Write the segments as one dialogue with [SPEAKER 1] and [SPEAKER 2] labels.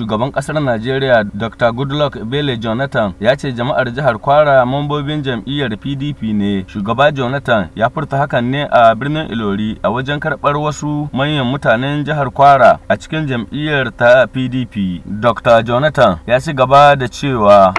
[SPEAKER 1] shugaban kasar Najeriya Dr. Goodluck bele Jonathan ya ce jama'ar jihar Kwara mambobin jam'iyyar PDP ne. Shugaba Jonathan ya furta hakan ne a birnin Ilori a wajen karɓar wasu manyan mutanen jihar Kwara a cikin jam'iyyar ta PDP. Dr. Jonathan ya ci gaba da cewa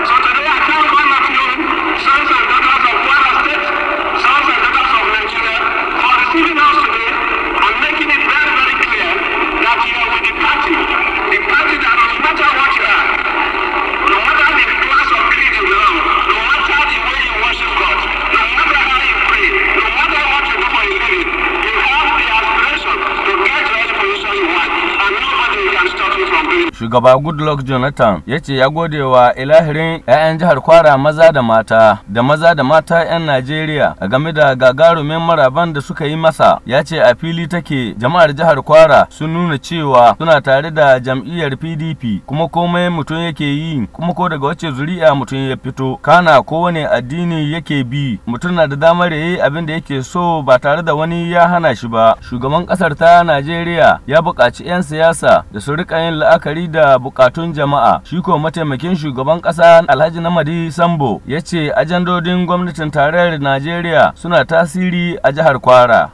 [SPEAKER 1] shugaba goodluck jonathan ya ce ya gode wa ilahirin 'ya'yan jihar kwara maza da mata da maza da mata 'yan najeriya a game da gagarumin maraban da suka yi masa ya ce a fili take jama'ar jihar kwara sun nuna cewa suna tare da jam'iyyar pdp kuma komai mutum yake yi kuma ko daga wacce zuri'a mutum ya fito kana kowane addini yake bi mutum na da damar yayi abin da yake so ba tare da wani ya hana shi ba shugaban kasar ta najeriya ya buƙaci 'yan siyasa da su riƙa yin la'akari da bukatun jama'a shi ko mataimakin shugaban kasa alhaji namadi sambo ya ce ajandodin gwamnatin tarayyar najeriya suna tasiri a jihar kwara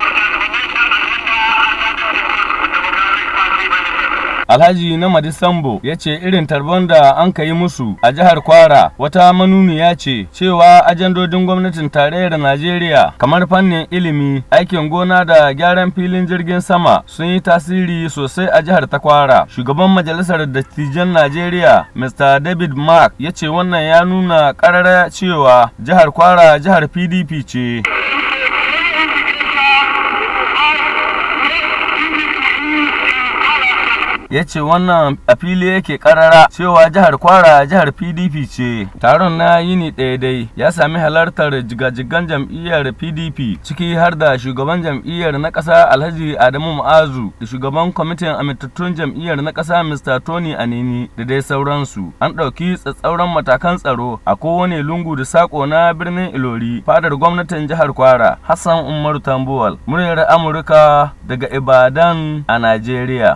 [SPEAKER 1] Alhaji na Madisambo ya ce irin tarbon da an ka yi musu a jihar Kwara wata manuniya ce cewa ajandodin gwamnatin tarayyar Najeriya kamar fannin ilimi, aikin gona da gyaran filin jirgin sama sun yi tasiri sosai a jihar ta Kwara. Shugaban Majalisar Dattijan Najeriya Mr. David Mark ya ce wannan ya nuna ƙarara cewa jihar Kwara jihar PDP ce. ya ce wannan a fili yake karara cewa jihar kwara jihar pdp ce taron na yini daidai ya sami halartar jigajigan jam'iyyar pdp ciki har da shugaban jam'iyyar na ƙasa alhaji adamu Ma'azu da shugaban kwamitin amintattun jam'iyyar na ƙasa mr tony anini da dai sauransu an ɗauki tsatsauran matakan tsaro a kowane lungu da sako na birnin ilori fadar gwamnatin jihar kwara hassan umaru tambuwal muryar amurka daga ibadan a najeriya